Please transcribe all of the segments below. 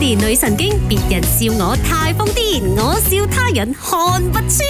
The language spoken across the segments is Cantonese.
連女神經，別人笑我太瘋癲，我笑他人看不穿。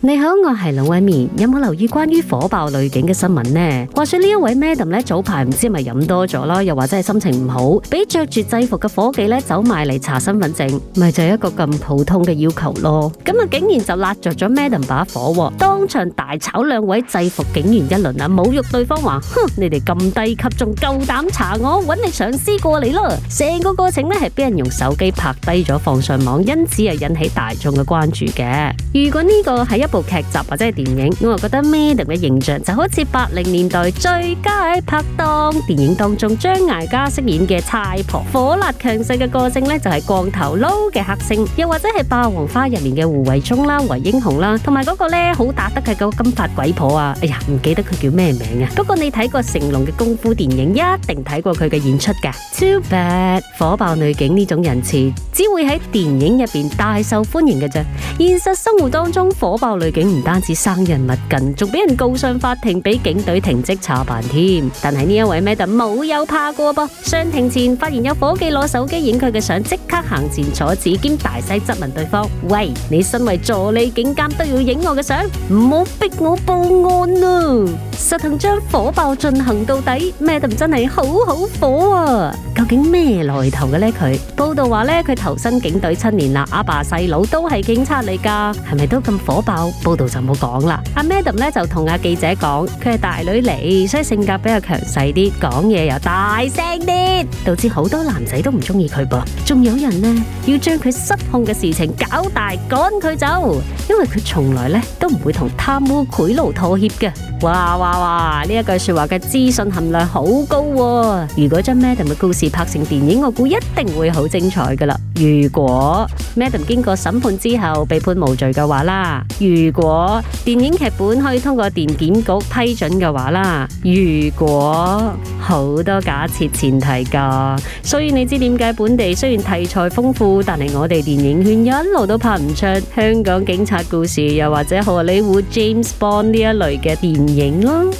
你好，我係龍紋敏，有冇留意關於火爆女警嘅新聞呢？話說呢一位 madam 咧，早排唔知係咪飲多咗啦，又或者係心情唔好，俾着住制服嘅伙計咧走埋嚟查身份證，咪就係一個咁普通嘅要求咯。咁啊，竟然就焫着咗 madam 把火喎。當場大吵兩位制服警員一輪啊，侮辱對方話：，哼，你哋咁低級，仲夠膽查我？揾你上司過嚟咯！成個過程呢，係俾人用手機拍低咗放上網，因此又引起大眾嘅關注嘅。如果呢個係一部劇集或者係電影，我啊覺得 Madam 嘅形象就好似八零年代最佳拍檔電影當中張艾嘉飾演嘅差婆，火辣強勢嘅個性呢，就係光頭佬嘅黑星，又或者係霸王花入面嘅胡慧中啦、韋英雄啦，同埋嗰個呢。好大。得係嗰個金髮鬼婆啊！哎呀，唔記得佢叫咩名啊！不過你睇過成龍嘅功夫電影，一定睇過佢嘅演出嘅。Too bad，火爆女警呢種人設只會喺電影入邊大受歡迎嘅啫。現實生活當中，火爆女警唔單止生人勿近，仲俾人告上法庭，俾警隊停職查辦添。但係呢一位 madam 冇有怕過噃？上庭前發現有夥計攞手機影佢嘅相，即刻行前阻止兼大細質問對方，喂，你身為助理警監都要影我嘅相？唔好逼我報案啊！More 實同將火爆進行到底，Madam 真係好好火啊！究竟咩來頭嘅呢？佢報道話呢，佢投身警隊七年啦，阿爸細佬都係警察嚟㗎，係咪都咁火爆？報道就冇講啦。阿 Madam 呢就同阿記者講，佢係大女嚟，所以性格比較強勢啲，講嘢又大聲啲，導致好多男仔都唔中意佢噃。仲有人呢要將佢失控嘅事情搞大，趕佢走，因為佢從來呢都唔會同貪污賄賂妥協嘅。哇！哇哇！呢一句說話嘅資訊含量好高喎，如果將 Madam 嘅故事拍成電影，我估一定會好精彩㗎喇！如果 Madam 經過審判之後被判無罪嘅話啦，如果電影劇本可以通過電檢局批准嘅話啦，如果好多假設前提噶，所以你知點解本地雖然題材豐富，但係我哋電影圈一路都拍唔出香港警察故事，又或者荷里活 James Bond 呢一類嘅電影咯。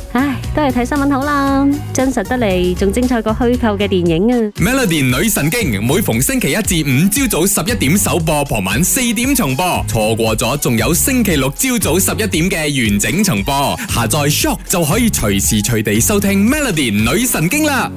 都係睇新聞好啦，真實得嚟，仲精彩過虛構嘅電影啊！Melody 女神經每逢星期一至五朝早十一點首播，傍晚四點重播，錯過咗仲有星期六朝早十一點嘅完整重播。下載 Shock 就可以隨時隨地收聽 Melody 女神經啦！